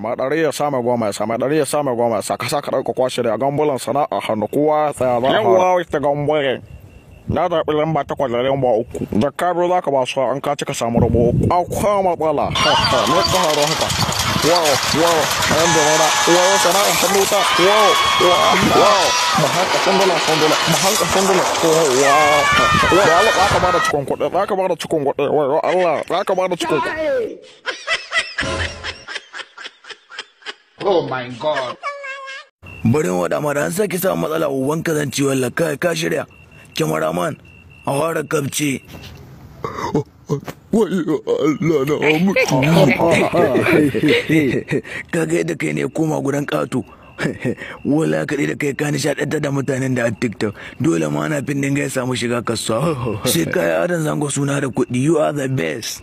ma dare ya sama goma sa sama dare ya sama goma sa ka saka dauka kwashe da gambulan sana a hannu kowa tsaya za yawa ta gambulan na zaɓi lamba ta da ba uku da ka biyo za ka ba su an ka cika samu rabo A akwai matsala ne haro haka wow wow ayan da rana wow hannu ta wow wow mu haka sandula sandula mu haka sandula wow wow Allah za ka ba da cikon kuɗi za ka ba da cikon kuɗi wow Allah za ba da cikon kuɗi Oh my god. Bari waɗa mara an sake samu matsala uban ka zan kai ka shirya. Kyamaraman a fara kabce. Wai Allah na mutu. Kaga yadda kai ne koma gudan kato wala kaɗai da kai ka nishaɗantar da mutanen da a tiktok dole ma ana fin dinga ya samu shiga kasuwa sai kayi adon zango suna da kuɗi you are the best